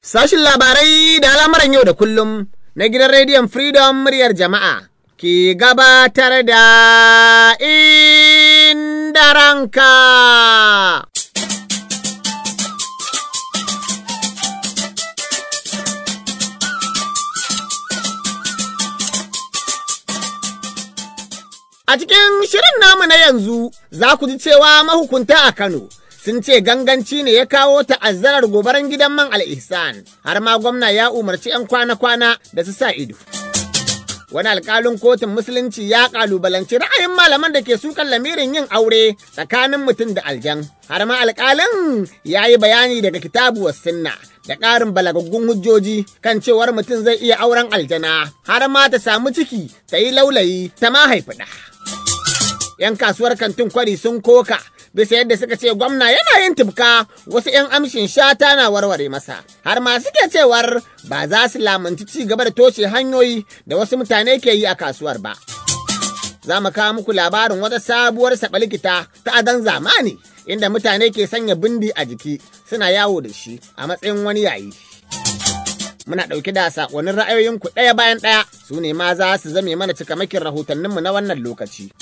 Sashin labarai da al'amuran yau da kullum na gidan rediyon Freedom muryar jama'a ke gabatar da inda ranka. A cikin shirin namu na yanzu za ku ji cewa mahukunta a Kano sun ce ganganci ne ya kawo ta'azzarar gobaran gidan man al'ihsan har ma gwamna ya umarci 'yan kwana-kwana da su sa ido. wani alkalin kotun musulunci ya ƙalubalanci ra'ayin malaman da ke sukan lamirin yin aure tsakanin mutum da aljan har ma alkalin ya yi bayani daga kitabu wa sunna da ƙarin balagaggun hujjoji kan cewar mutum zai iya auren aljana har ma ta samu ciki ta yi laulayi ta ma haifi 'Yan kasuwar kantin kwari sun koka bisa yadda suka ce gwamna yana yin tufka wasu 'yan amshin shata na warware masa har ma suke cewar ba za su lamunci ci gaba da toshe hanyoyi da wasu mutane ke yi a kasuwar ba za mu kawo muku labarin wata sabuwar sabalikita ta adon zamani inda mutane ke sanya bindi a jiki suna yawo da shi a matsayin wani yayi muna ɗauke da saƙonin ra'ayoyinku ɗaya bayan ɗaya su ne ma za su zame mana cikamakin rahotanninmu na wannan lokaci.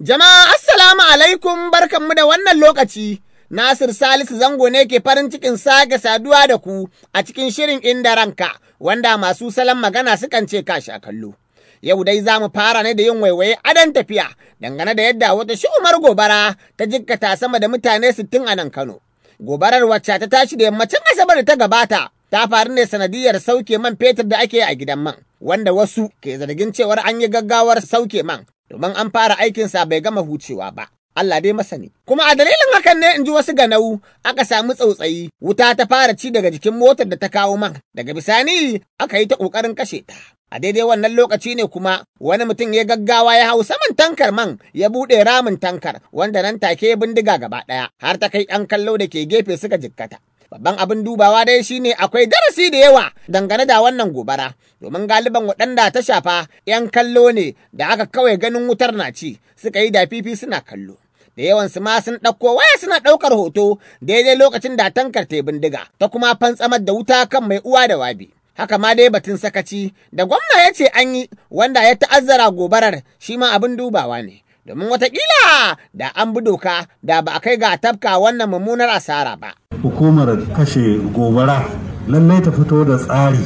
Jama'a assalamu alaikum barkanmu da wannan lokaci. Nasir Salisu Zango ne ke farin cikin sake saduwa da ku a cikin shirin inda ranka wanda masu salon magana sukan ce kashi a kallo. Yau dai za mu fara ne da yin waiwaye adon tafiya dangane da yadda wata shi'umar gobara ta jikkata sama da mutane sittin a nan Kano. Gobarar wacce ta tashi da yammacin Asabar da ta gabata ta faru ne sanadiyar sauke man fetur da ake a gidan man wanda wasu ke zargin cewar an yi gaggawar sauke man domin an fara aikinsa bai gama hucewa ba. Allah dai masani. Kuma a dalilin hakan ne in ji wasu ganau aka samu tsautsayi wuta ta fara ci daga jikin motar da ta kawo man daga bisani aka yi ta ƙoƙarin kashe ta. A daidai wannan lokaci ne kuma wani mutum ya gaggawa ya hau saman tankar man ya buɗe ramin tankar wanda nan take bindiga gaba ɗaya har ta kai ɗan kallo da ke gefe suka jikkata. Babban abin dubawa dai shine akwai darasi da yawa dangane da wannan gobara, domin galiban waɗanda ta shafa 'yan kallo ne da aka kawai ganin wutar na ci, suka yi da fifi suna kallo. Da yawansu ma sun ɗauko waya suna ɗaukar hoto daidai lokacin da tankar ta bindiga, ta kuma fantsamar da wuta kan mai uwa da wabi. haka ma dai batun sakaci da gwamna ya ce an yi wanda ya ta'azzara gobarar shi ma abin dubawa ne domin watakila da an bi doka da ba a kai ga tafka wannan mummunar asara ba. Hukumar kashe gobara lallai ta fito da tsari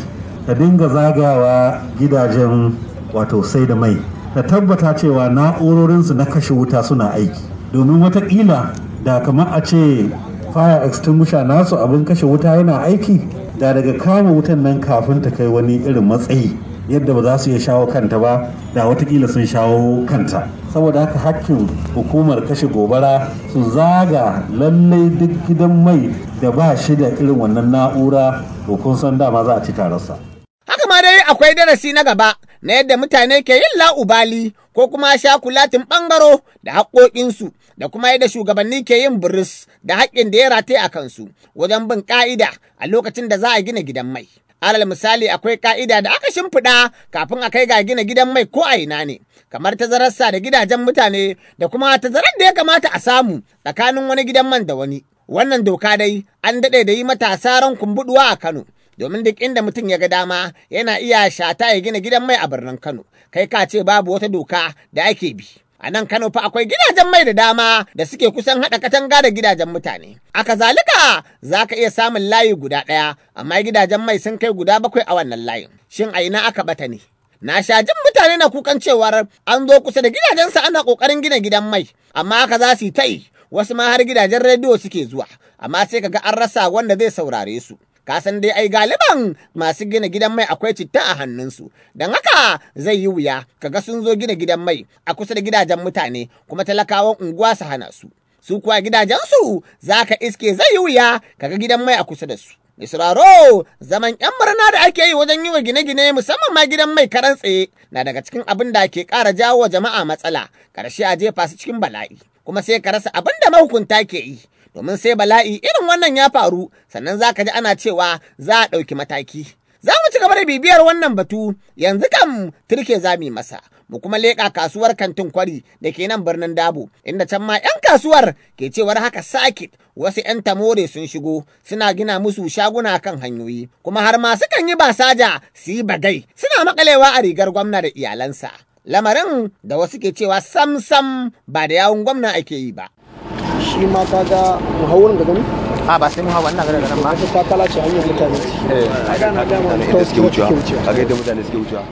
ta dinga zagawa gidajen wato sai da mai ta tabbata cewa na'urorinsu na kashe wuta suna aiki domin watakila da kamar a ce fire extinguisher nasu abin kashe wuta yana aiki da daga kama wutan nan kafin ta kai wani irin matsayi yadda ba za su iya shawo kanta ba da watakila sun shawo kanta saboda haka hakkin hukumar kashe gobara su zaga lallai duk gidan mai da ba shi da irin wannan na'ura to kun san dama za a ci tararsa. haka ma dai akwai darasi na gaba na yadda mutane ke yin la'ubali ko kuma sha kulatin bangaro da haƙoƙinsu da kuma yadda shugabanni ke yin buris da haƙƙin da ya rataye a kansu wajen bin ƙa'ida a lokacin da za a gina gidan mai. Alal misali akwai ka'ida da aka shimfiɗa kafin a kai ga gina gidan mai ko a ina ne, kamar tazararsa da gidajen mutane da kuma tazarar da ya kamata a samu tsakanin wani gidan man da wani. Wannan doka dai an daɗe da yi matasa ran kumbuduwa a Kano. domin duk inda mutum ya ga dama yana iya shata ya gina gidan mai a birnin Kano, kai ka ce babu wata doka da ake bi. A nan Kano fa akwai gidajen mai da dama da suke kusan haɗa katanga da gidajen mutane. A kazalika za ka iya samun layi guda ɗaya, amma gidajen mai sun kai guda bakwai a wannan layin. Shin a ina aka bata ne? Na sha jin mutane na kukan cewar an zo kusa da gidajensa ana ƙoƙarin gina gidan mai, amma aka za su yi ta yi, wasu ma har gidajen rediyo suke zuwa, amma sai ka ga an rasa wanda zai saurare su. Ka san dai ai galiban masu gina gidan mai akwai citta a hannunsu. Don haka zai yi wuya Ka ga sun zo gina gidan mai a kusa da gidajen mutane kuma talakawan unguwa su hana su. Su kuwa gidajensu za ka iske zai yi wuya Ka ga gidan mai a kusa da su. Israro zaman ‘yan murna da ake yi wajen yi wa gine-gine musamman ma gidan mai karan tsaye na daga cikin abin da ke ƙara jawo wa jama'a matsala, ƙarshe a jefa su cikin bala'i, kuma sai ka rasa abin da mahukunta ke yi, domin sai bala'i irin wannan ya faru sannan za ka ji ana cewa za a ɗauki mataki. Za mu ci gaba da bibiyar wannan batu yanzu kan turke za mu masa mu kuma leƙa kasuwar kantin kwari da ke nan birnin Dabo inda can ma 'yan kasuwar ke cewar haka sakit wasu 'yan tamore sun shigo suna gina musu shaguna kan hanyoyi kuma har ma sukan yi basaja su yi bagai suna makalewa a rigar gwamna da iyalansa. Lamarin da wasu ke cewa sam sam ba da yawun gwamna ake yi ba shi ma da gani a ba sai na gara-gara ma ta ce hanyar mutane eh, a yadda mutane suke wucewa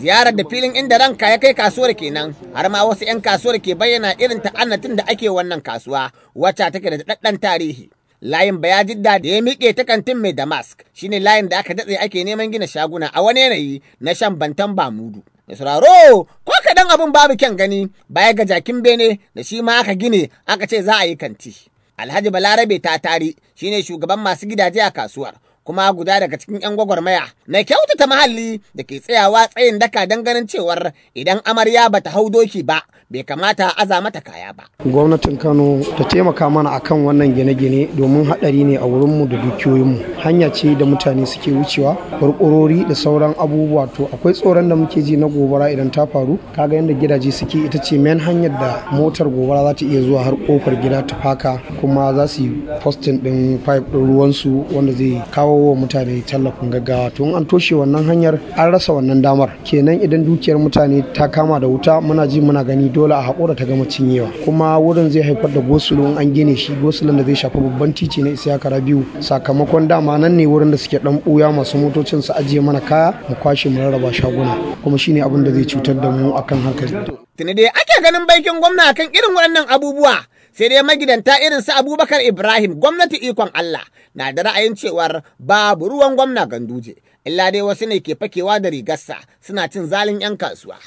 ziyarar da filin inda ranka ya kai kasuwar kenan har ma wasu 'yan kasuwar ke bayyana irin ta'annatin da ake wannan kasuwa wacce take da ɗaɗɗan tarihi layin bayajidda da ya miƙe ta kantin mai damask shine layin da aka datse ake neman gina shaguna a wani yanayi na shan bantan mudu. ya sauraro ko kaɗan abin babu kyan gani baya ga jakin bene da shi ma aka gine aka ce za a yi kanti. Alhaji Balarabe ta tari shine shugaban masu gidaje a kasuwar kuma guda daga cikin 'yan gwagwarmaya na kyautata mahalli da ke tsayawa tsayin daka don ganin cewar idan amarya bata hau doki ba bai kamata a aza mata kaya ba. Gwamnatin Kano ta taimaka mana akan wannan gine-gine domin haɗari ne a wurinmu da dukiyoyinmu. Hanya ce da mutane suke wucewa, barƙorori da sauran abubuwa to akwai tsoron da muke ji na gobara idan ta faru. Kaga yadda gidaje suke ita ce main hanyar da motar gobara za ta iya zuwa har kofar gida ta faka kuma za su yi postin ɗin pipe ɗin ruwansu wanda zai kawo wa mutane tallafin gaggawa. To an toshe wannan hanyar an rasa wannan damar. Kenan idan dukiyar mutane ta kama da wuta muna ji muna gani dole a haƙura ta gama cinyewa kuma wurin zai haifar da gosulo in an gine shi gosulon da zai shafi babban titi na isa kara biyu sakamakon dama nan ne wurin da suke dan buya masu motocin su ajiye mana kaya mu kwashe mu rarraba shaguna kuma shine abin da zai cutar da mu akan hankali tuni dai ake ganin baikin gwamna kan irin waɗannan abubuwa sai dai magidanta irin su abubakar ibrahim gwamnati ikon allah na da ra'ayin cewar babu ruwan gwamna ganduje illa dai wasu ne ke fakewa da rigarsa suna cin zalin 'yan kasuwa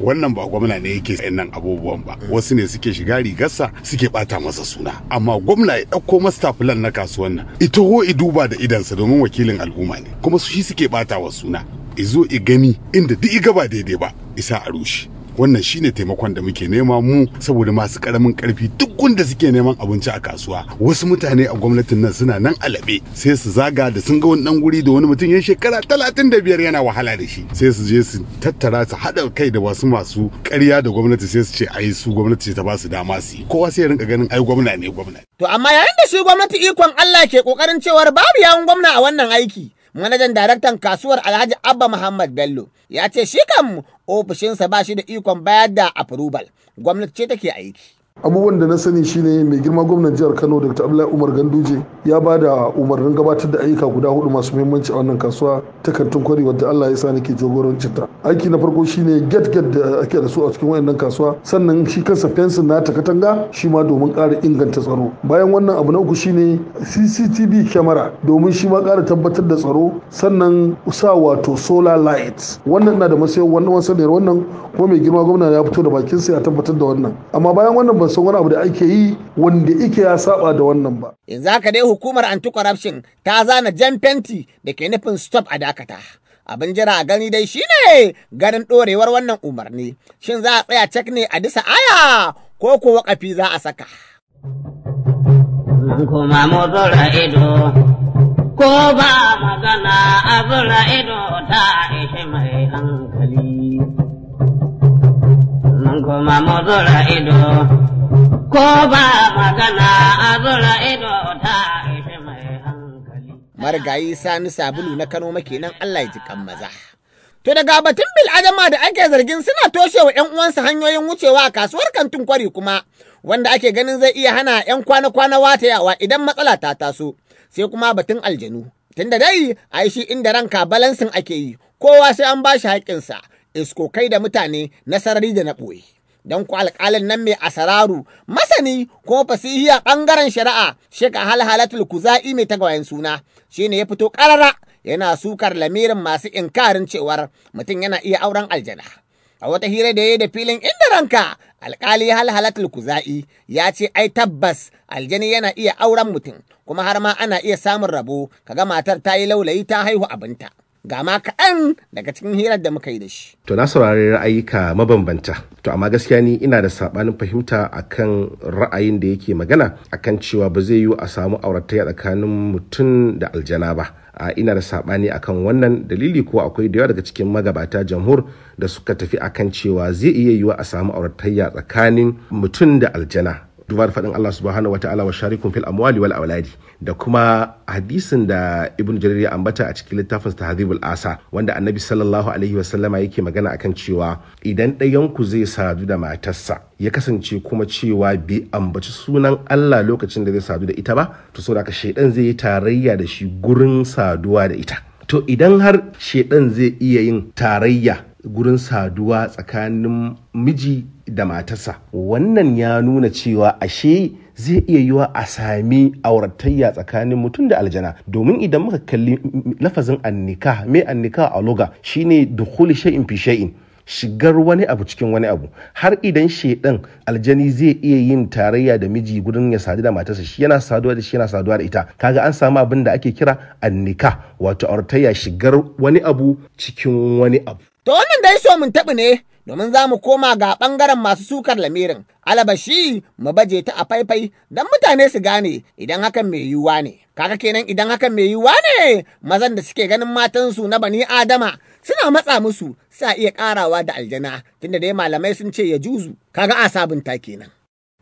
wannan ba gwamna ne yake nan abubuwan ba wasu ne suke shiga rigarsa suke bata masa suna amma gwamna ya ɗauko master plan na kasuwan nan ita ho i duba da idansa domin wakilin al'umma ne kuma su shi suke bata wa suna izo i gani inda duk i gaba daidai ba isa a rushe wannan shine taimakon da muke nema mu saboda masu karamin karfi duk wanda suke neman abinci a kasuwa wasu mutane a gwamnatin nan suna nan alabe sai su zaga da sun ga wani dan guri da wani mutum ya shekara talatin da biyar yana wahala da shi sai su je su tattara su haɗa kai da wasu masu ƙarya da gwamnati sai su ce ai su gwamnati ce ta ba su dama su yi kowa sai ya rinka ganin ai gwamna ne gwamna. To amma yayin da shi gwamnati ikon Allah ke kokarin cewa babu yawun gwamna a wannan aiki manajan daraktan kasuwar alhaji abba muhammad bello ya ce shi kan ofishinsa ba shi da ikon bayar da approval gwamnati ce take aiki abubuwan da na sani shine mai girma gwamnan jihar kano dr abdullahi umar ganduje ya ba da umarnin gabatar da ayyuka guda hudu masu muhimmanci a wannan kasuwa ta kantin kwari wadda allah ya sa nake jagorancin ta aiki na farko shine get get da ake da su a cikin wayannan kasuwa sannan shi kansa fensin na ta katanga shi ma domin ƙara inganta tsaro bayan wannan abu na uku shine cctv camera domin shi ma ƙara tabbatar da tsaro sannan sa wato solar light wannan na da masayin wannan wannan kuma mai girma gwamna ya fito da bakinsa ya tabbatar da wannan amma bayan wannan ban san wani abu da ake yi wanda ike ya saba da wannan ba yanzu haka dai hukumar anti corruption ta zana jan fenti da ke nufin stop a dakata abin jira a gani dai shine ganin ɗorewar wannan umarni shin za a tsaya cek ne a disa aya ko ko za a saka kuma ido ko ba magana abin ido ta ishe mai hankali kuma mazura ido ko ba magana a zura ido ta ishe mai hankali. Marigayi Sani Sabulu na Kano makenan Allah ya ji kan maza. To daga batun bil'adama da ake zargin suna toshe wa 'yan uwansa hanyoyin wucewa a kasuwar kantin kwari kuma wanda ake ganin zai iya hana 'yan kwana-kwana watayawa idan matsala ta taso sai kuma batun aljanu. Tunda dai a shi inda ranka balansin ake yi kowa sai an ba shi isko kai da mutane na sarari da na ɓoye. don ku alƙalin nan mai asararu masani ko fasihi a ɓangaren shari'a shika halhalatul kuza'i mai tagawayen suna shi ne ya fito ƙarara yana sukar lamirin masu inkarin cewar mutum yana iya auren aljana. a wata hira da ya yi da filin inda ranka alkali halhalatul kuza'i ya ce ai tabbas aljani yana iya auren mutum kuma har ma ana iya samun rabo kaga matar ta yi laulayi ta haihu abinta ga ma kaɗan daga cikin hirar da muka yi da shi. To na saurari ra'ayika mabambanta. To amma gaskiya ni ina da saɓanin fahimta akan ra'ayin da yake magana akan cewa ba zai yiwu a samu auratayya tsakanin mutum da aljana ba. A ina da saɓani akan wannan dalili ko akwai da yawa daga cikin magabata jamhur da suka tafi akan cewa zai iya yiwu a samu auratayya tsakanin mutum da aljana duba da faɗin Allah subhanahu ta'ala wa sharikun fil amwali wal auladi da kuma hadisin da Ibn Jarir ya ambata a cikin littafin Tahdhibul Asa wanda Annabi sallallahu alaihi sallama yake magana akan cewa idan ɗayan ku zai sadu da matarsa ya kasance kuma cewa bai ambaci sunan Allah lokacin da zai sadu da ita ba to saboda ka shedan zai yi tarayya da shi gurin saduwa da ita to idan har shedan zai iya yin tarayya gurin saduwa tsakanin miji da matarsa wannan ya nuna cewa ashe zai iya yiwa a sami auratayya tsakanin mutum da aljana domin idan muka kalli lafazin annika mai annika a loga shine dukhul sha'in fi sha'in shigar wani abu cikin wani abu har idan shaiɗan aljani zai iya yin tarayya da miji gudun ya sadu da matarsa shi yana saduwa da shi yana saduwa da ita kaga an samu abin da ake kira annika wato auratayya shigar wani abu cikin wani abu to wannan dai so mun tabi ne domin za mu koma ga ɓangaren masu sukar lamirin, alabashi mu baje ta a faifai don mutane su gane idan hakan mai yiwuwa ne. Kaka kenan idan hakan mai yiwuwa ne, mazan da suke ganin matansu na bani Adama suna matsa musu sa iya karawa da aljana, tunda dai malamai sun ce ya juzu, kaga a sabunta kenan.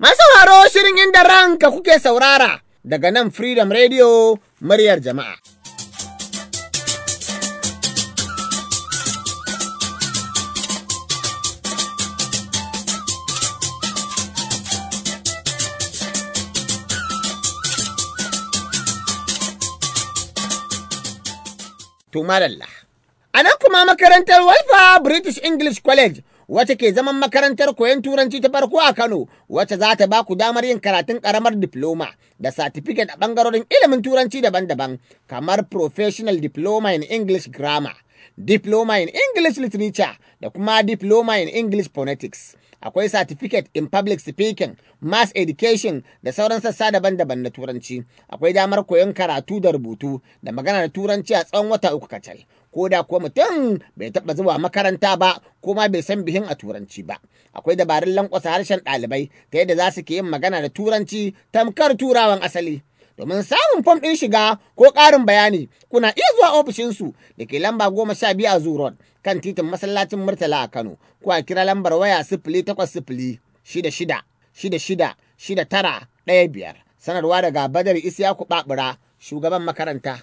Masu haro shirin inda ranka kuke saurara daga nan Freedom Radio muryar jama'a. To madalla. A nan kuma makarantar walfa British English College wata ke zaman makarantar koyon turanci ta farko a Kano wata za ta ba ku damar yin karatun karamar diploma da certificate a bangarorin ilimin turanci daban-daban kamar professional diploma in English grammar, diploma in English literature da kuma diploma in English phonetics. akwai certificate in public speaking mass education da sauran sassa daban-daban na turanci akwai damar koyon karatu da rubutu da magana da turanci a tsawon wata uku kacal ko da kuwa mutum bai taɓa zuwa makaranta ba ko ma bai san bihin a turanci ba akwai dabarun lankwasa harshen ɗalibai ta yadda za su ke yin magana da turanci tamkar turawan asali Domin samun fom ɗin shiga ko ƙarin bayani kuna iya zuwa ofishinsu da ke lamba goma sha biyu a Zoo kan titin masallacin Murtala a Kano ko a kira lambar waya sifili takwas sifili shida shida shida shida shida tara ɗaya biyar. Sanarwa daga Badar Isiyaku Babura shugaban makaranta.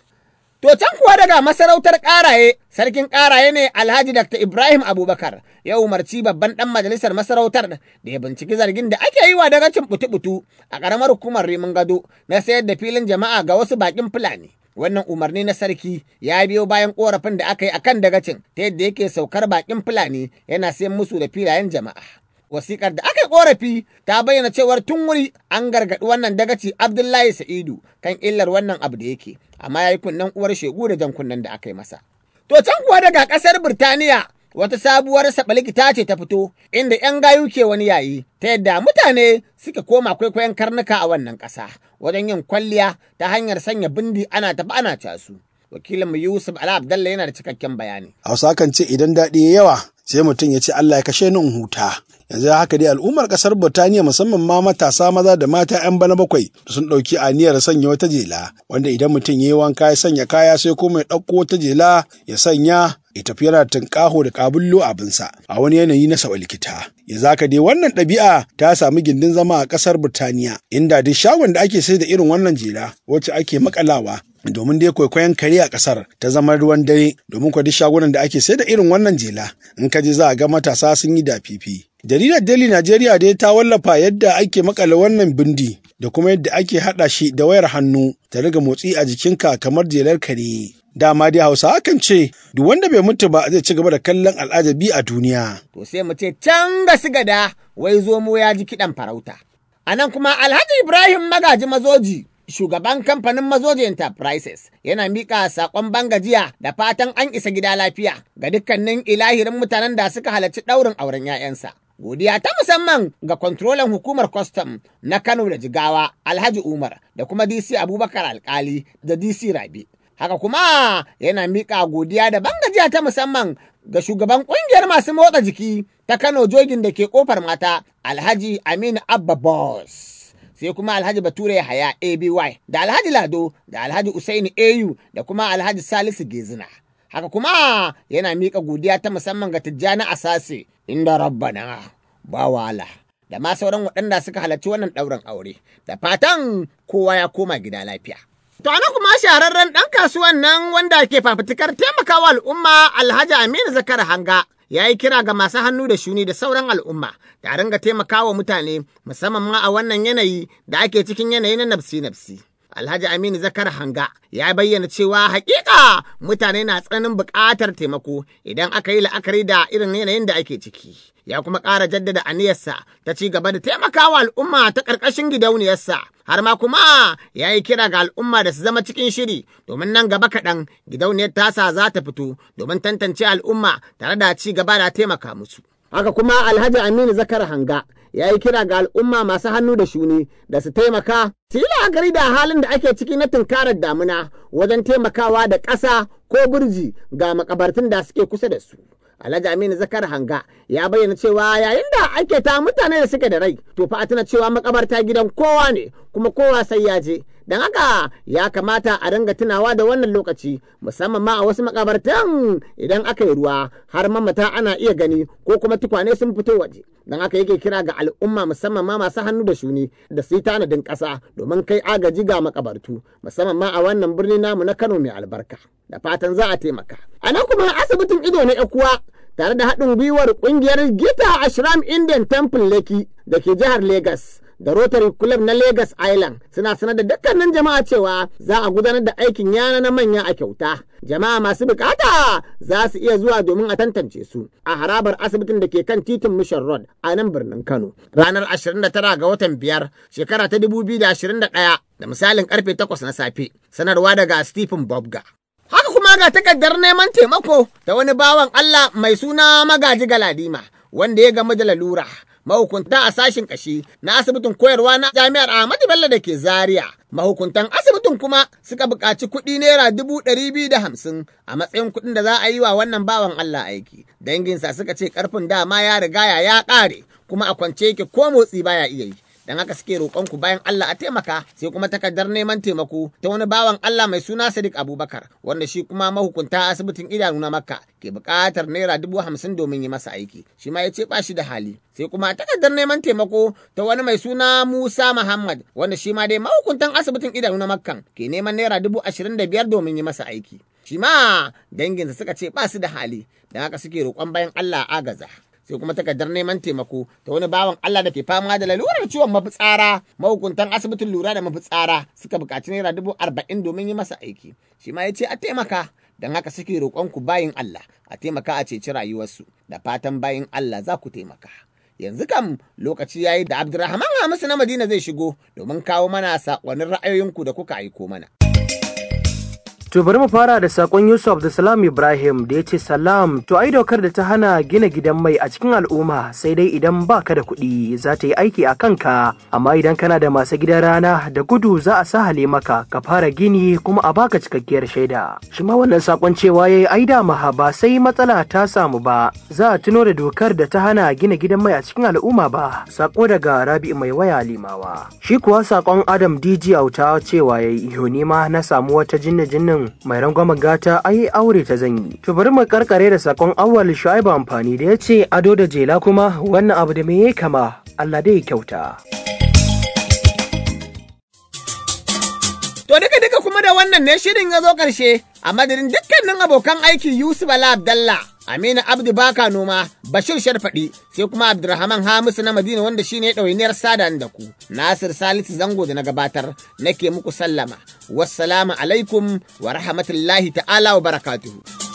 To can kuwa daga masarautar ƙaraye, sarkin ƙaraye ne Alhaji Dr. Ibrahim Abubakar ya umarci babban ɗan majalisar masarautar da ya binciki zargin da ake yi wa dagacin butu-butu a ƙaramar hukumar Rimin Gado na sayar da filin jama'a ga wasu baƙin Fulani. Wannan umarni na sarki ya biyo bayan ƙorafin da aka yi a kan dagacin ta yadda yake saukar baƙin Fulani yana sayan musu da filayen jama'a. Wasikar da aka korafi ta bayyana cewar tun wuri an gargaɗi wannan dagaci Abdullahi Sa'idu kan illar wannan abu da yake, amma ya yi kunnen uwar shegu da jan kunnen da aka yi masa. To can kuwa daga ƙasar Birtaniya wata sabuwar likita ce ta fito inda 'yan gayu ke wani yayi ta yadda mutane suka koma kwaikwayon karnuka a wannan ƙasa wajen yin kwalliya ta hanyar sanya bindi ana tafi ana casu. Wakilinmu Yusuf Ala Abdallah yana da cikakken bayani. Hausa kan ce idan daɗi ya yawa sai mutum ya ce Allah ya kashe ni in huta yanzu haka dai al'ummar kasar Burtaniya musamman ma matasa maza da mata 'yan bana bakwai sun ɗauki aniyar sanya wata jela wanda idan mutum ya yi wanka ya sanya kaya sai kuma ya ɗauko wata jela ya sanya ya tafi yana tunƙaho da kabullo abinsa a wani yanayi na sawa likita ya zaka dai wannan ɗabi'a ta samu gindin zama a ƙasar Burtaniya inda duk shagon da ake sai da irin wannan jela wacce ake makalawa domin dai kwaikwayon kare a kasar ta zama ruwan dare domin kwadi shagunan da ake sai da irin wannan jela in ka ji za a ga matasa sun yi da fifi. Jaridar Daily Nigeria dai ta wallafa yadda ake makala wannan bindi da kuma yadda ake hada shi da wayar hannu ta riga motsi a jikinka kamar jelar kare. dama dai hausa hakan ce duk wanda bai mutu ba zai ci gaba da kallon al'ajabi a duniya. To sai mu ce can ga gada wai zomo ya ji kiɗan farauta. A nan kuma Alhaji Ibrahim Magaji Mazoji shugaban kamfanin mazoji enterprises yana miƙa saƙon bangajiya da fatan an isa gida lafiya ga dukkanin ilahirin mutanen da suka halarci ɗaurin auren 'ya'yansa. Godiya ta musamman ga kwantrolan hukumar kwastam na Kano da Jigawa Alhaji Umar da kuma DC Abubakar Alkali da DC Rabi. Haka kuma yana miƙa godiya da bangajiya ta musamman ga shugaban ƙungiyar masu motsa jiki ta Kano jogin da ke kofar mata Alhaji Aminu Abba Boss. sai kuma Alhaji Bature Yahaya, ABY da Alhaji Lado da Alhaji Usaini AU da kuma Alhaji Salisu Gezina. Haka kuma yana miƙa godiya ta musamman ga Tijjani Asase inda rabbana ba wahala da ma sauran waɗanda suka halarci wannan ɗaurin aure da fatan kowa ya koma gida lafiya. To ana kuma shahararren ɗan kasuwan nan wanda ke fafutukar taimakawa al'umma Alhaji Aminu Zakar Hanga ya yi kira ga masu hannu da shuni da sauran al'umma da a taimaka wa mutane musamman ma a wannan yanayi da ake cikin yanayi na nafsi-nafsi. Alhaji Aminu Zakar Hanga ya bayyana cewa hakika mutane na tsananin buƙatar taimako idan aka yi la'akari da irin yanayin da ake ciki. ya kuma ƙara jaddada aniyarsa ta ci gaba da taimakawa al'umma ta ƙarƙashin gidauniyarsa har ma kuma ya yi kira ga al'umma da su zama cikin shiri domin nan gaba kaɗan gidauniyar tasa za ta fito domin tantance al'umma tare da ci gaba da taimaka musu. haka kuma alhaji aminu zakar hanga ya yi kira ga al'umma masu hannu da shuni da su taimaka su yi la'akari da halin da ake ciki na tunkarar damuna wajen taimakawa da ƙasa ko burji ga makabartun da suke kusa da su Alhaji Aminu Zakar Hanga ya bayyana cewa yayin da ake ta mutane da suke da rai to fa a tuna cewa makabarta gidan kowa ne kuma kowa sai ya je Don haka ya kamata a ringa tunawa da wannan lokaci musamman ma a wasu makabartan idan aka yi ruwa har mamata ana iya gani ko kuma tukwane sun fito waje. Don haka yake kira ga al'umma musamman ma masu hannu da shuni da su tanadin ƙasa domin kai agaji ga makabartu musamman ma a wannan birni namu na Kano mai albarka. Da fatan za a taimaka. A nan kuma asibitin ido na kuwa tare da haɗin gwiwar ƙungiyar Gita Ashram Indian Temple Lekki da ke jihar Legas. da Rotary Club na Lagos Island suna sanar da dukkanin jama'a cewa za a gudanar da aikin yana na manya a kyauta. Jama'a masu bukata za su iya zuwa domin a tantance su a harabar asibitin da ke kan titin Mission Road a nan birnin Kano. Ranar 29 ga watan biyar shekara ta 2021 da misalin karfe 8 na safe sanarwa daga Stephen Bobga. Haka kuma ga takardar neman taimako da wani bawan Allah mai suna magaji Galadima wanda ya gama da lalura. mahukunta a sashen kashi na asibitin koyarwa na jami'ar Ahmadu Bello da ke Zaria. Mahukuntan asibitin kuma suka buƙaci kuɗi naira dubu ɗari biyu da hamsin a matsayin kuɗin da za a yi wa wannan bawan Allah aiki. Danginsa suka ce ƙarfin dama ya riga ya ƙare kuma a kwance yake ko motsi baya iya yi. dan haka suke roƙon ku bayan Allah a taimaka sai kuma takardar neman taimako ta wani bawan Allah mai suna Sadiq Abubakar wanda shi kuma mahukunta asibitin idanu na Makka ke buƙatar naira dubu hamsin domin yi masa aiki shi ma ya ce ba shi da hali sai kuma takardar neman taimako ta wani mai suna Musa Muhammad wanda shi ma dai mahukuntan asibitin idanu na Makka ke neman naira dubu ashirin da biyar domin yi masa aiki shi ma danginsa suka ce ba su da hali dan haka suke roƙon bayan Allah a agaza. sai kuma takardar neman taimako ta wani bawan Allah da ke fama da lalurar ciwon mafitsara mahukuntan asibitin lura da mafitsara suka buƙaci naira dubu arba'in domin yi masa aiki shi ma ya ce a taimaka don haka suke roƙon ku bayin Allah a taimaka a ceci rayuwarsu da fatan bayin Allah za ku taimaka. yanzu kam lokaci ya yi da abdurrahman Hamisu na Madina zai shigo domin kawo mana saƙonin ra'ayoyinku da kuka aiko mana. To bari mu fara da sakon Yusuf da Salam Ibrahim da ya ce salam to ai dokar da ta hana gina gidan mai a cikin al'umma sai dai idan ba ka da kuɗi za ta yi aiki a kanka amma idan kana da masu gidan rana da gudu za a sahale maka ka fara gini kuma a baka cikakkiyar shaida. Shi ma wannan sakon cewa yayi ai da maha ba sai matsala ta samu ba za a tuno da dokar da ta hana gina gidan mai a cikin al'umma ba sako daga Rabi mai waya limawa. Shi kuwa sakon Adam DJ Auta cewa yayi yoni ma na samu wata jinna jinnin mai mai rangwamen gata ai aure ta zanyi to bari mu karkare da sakon awwal shu'aibu amfani da ya ce ado da jela kuma wannan abu da me ya kama Allah dai kyauta To duka duka kuma da wannan ne shirin ya zo ƙarshe a madadin dukkanin abokan aiki Yusuf Bala Abdallah Aminu Abdu Baka Noma, Bashir Sharfaɗi, sai kuma Abdulrahman Hamisu na Madina wanda shine ɗawainiyar sadan da ku. Nasir Salisu Zango da na gabatar nake muku sallama. Wassalamu alaikum wa rahmatullahi ta'ala wa barakatuhu.